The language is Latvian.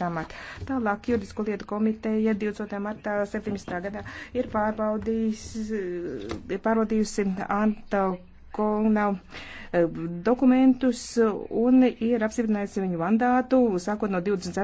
Šamāk. Tālāk juridisko lietu komiteja 20. martā 17. gadā ir pārbaudījusi Anta Kolna eh, dokumentus un ir apstiprinājusi viņu mandātu sākot no 24.